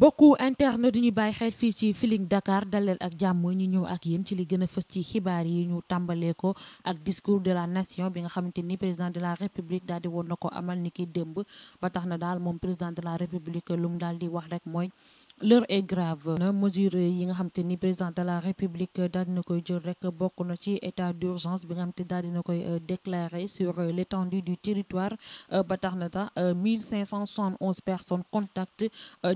bokku internet du ñu bàyyi xel fii ci Feeling Dakar dalal ak jàmm ñu ñëw ak yéen ci li gën a fës ci xibaar yi ñu tàmbalee ko ak discours de la nation bi nga xamante ni président de la république daal di woon na ko amal ni ki démb ba tax na daal moom président de la république lu mu daal di wax rek mooy l'heure est grave na mesure yi nga xam te ni président de la république daal dina koy jël rek bokk na ci état d'urgence bi nga xam te daal dina koy euh, déclarer sur euh, l'étendue du territoire euh, ba tax na tax 1571 personnes contacts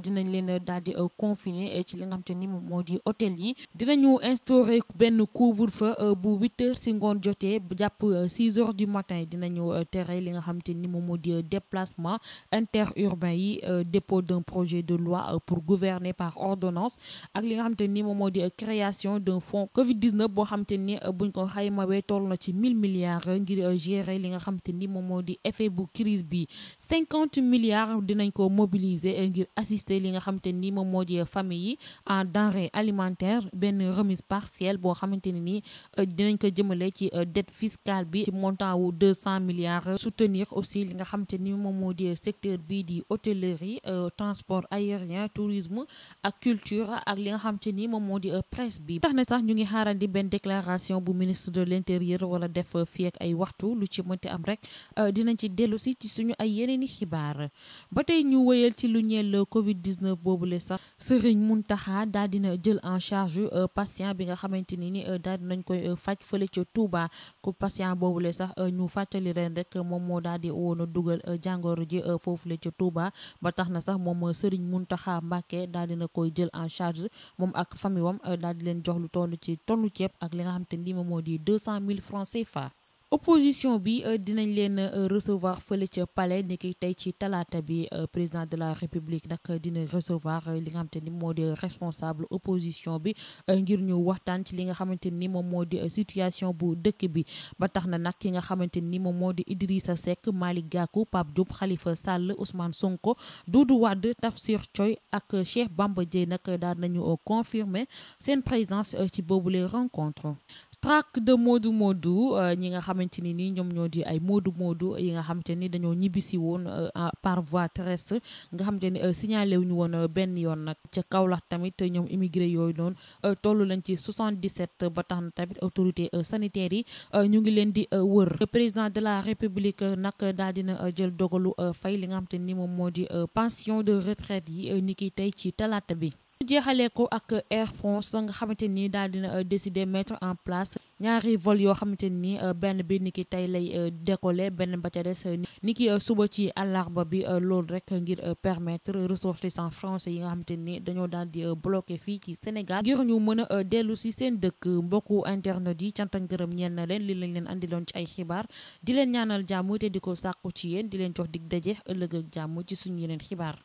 dinañ leen daal di confiner ci li nga xam te ni moom moo di hôtel yi dinañu instaurer benn couvre-feu bu 8 si ngoon jotee jàpp 6 heures du matin dinañu tere li nga xam te ni moom moo di déplacement interurbain yi dépôt d'un projet de loi pour gouvernée par ordonnance ak li nga xamante ni moom moo di création d'un fonds Covid 19 boo xamante ni euh, buñ ko xaymawee toll na ci 1000 milliards ngir euh, li nga xamante ni moom moo di effet bu crise bi 50 milliards dinañ ko mobiliser euh, ngir assister li nga xamante ni moom moo di famille yi en denrée alimentaire benn remise partielle boo xamante ne ni dinañ ko jëmale ci dette fiscale bi ci montant wu 200 milliards soutenir aussi li nga xamante ni moom moo di secteur bi di hôtellerie transport aérien tourisme ak culture ak li nga xam te ni moom moo di euh, presse bi tax na sax ñu ngi xaaral di benn déclaration bu ministre de l'intérieur wala def euh, fii ak ay waxtu lu ci mënti am rek euh, dinañ ci dellu ci suñu ay yeneeni xibaar ba tey ñu wëyal ci lu ñeel covid 19 boobule sax mun Mountakha daal dina jël en charge patient bi nga xamante ni ni daal dinañ koy faj fële ca Touba ku patient boobule sax ñu fàttali ren rek moom moo daal di woon a dugal jàngoro ji foofu le ca Touba loolee daal dina koy jël en charge moom ak famille wam euh, daal di leen jox lu toll ci tonnu ceeb ak li nga xam te ni moom moo di 200 000 francs CFA. opposition bi euh, dinañ leen euh, recevoir fële ca palais ni tey ci talaata bi euh, président de la république nag dina recevoir li nga xamante ni moo di responsable opposition bi ngir ñu waxtaan ci li nga xamante ni moom moo di situation bu dëkk bi ba tax na nag ki nga xamante ni moom moo di Idrissa Seck Malick Gakou Pape Diop Khalifa Sall Ousmane Sonko Doudou Wade Tafsir Thioye ak Cheikh Bamba Dièye nag daal nañu confirmer seen présence ci boobu les rencontre traque de Modou Modou euh, ñi nga xamante ni nii ñoom ñoo di ay Modou Modou yi nga xamante ni dañoo ñibbisi woon euh, par voie terrestre nga xamante ni euh, signalé wuñu woon benn yoon nag ca Kaolack tamit ñoom immigré yooyu noonu toll lañ ci 77 ba tax na tamit autorité sanitaire yi ñu ngi leen di wër le président de la république nag daal dina jël dogalu fay li nga xamante ni moom moo di pension de retraite yi ni ki tey ci talaata bi jeexalee ko ak Air France nga xamante ni daal dina euh, décider mettre en place ñaari vol yoo xamante ni euh, benn bi ni ki tey lay euh, décoller benn ba ca des ni ki suba ci àllarba bi loolu rek ngir permettre ressortissants français yi nga xamante ni dañoo daal di bloqué fii ci Sénégal ngir ñu mën a dellu si seen dëkk mbokku internet yi cant ak ngërëm ñeen leen li lañ leen andiloon ci ay xibaar di leen ñaanal jàmm te di ko sàkku ci yéen di leen jox dig dajee ëllëg ak jàmm ci suñu yeneen xibaar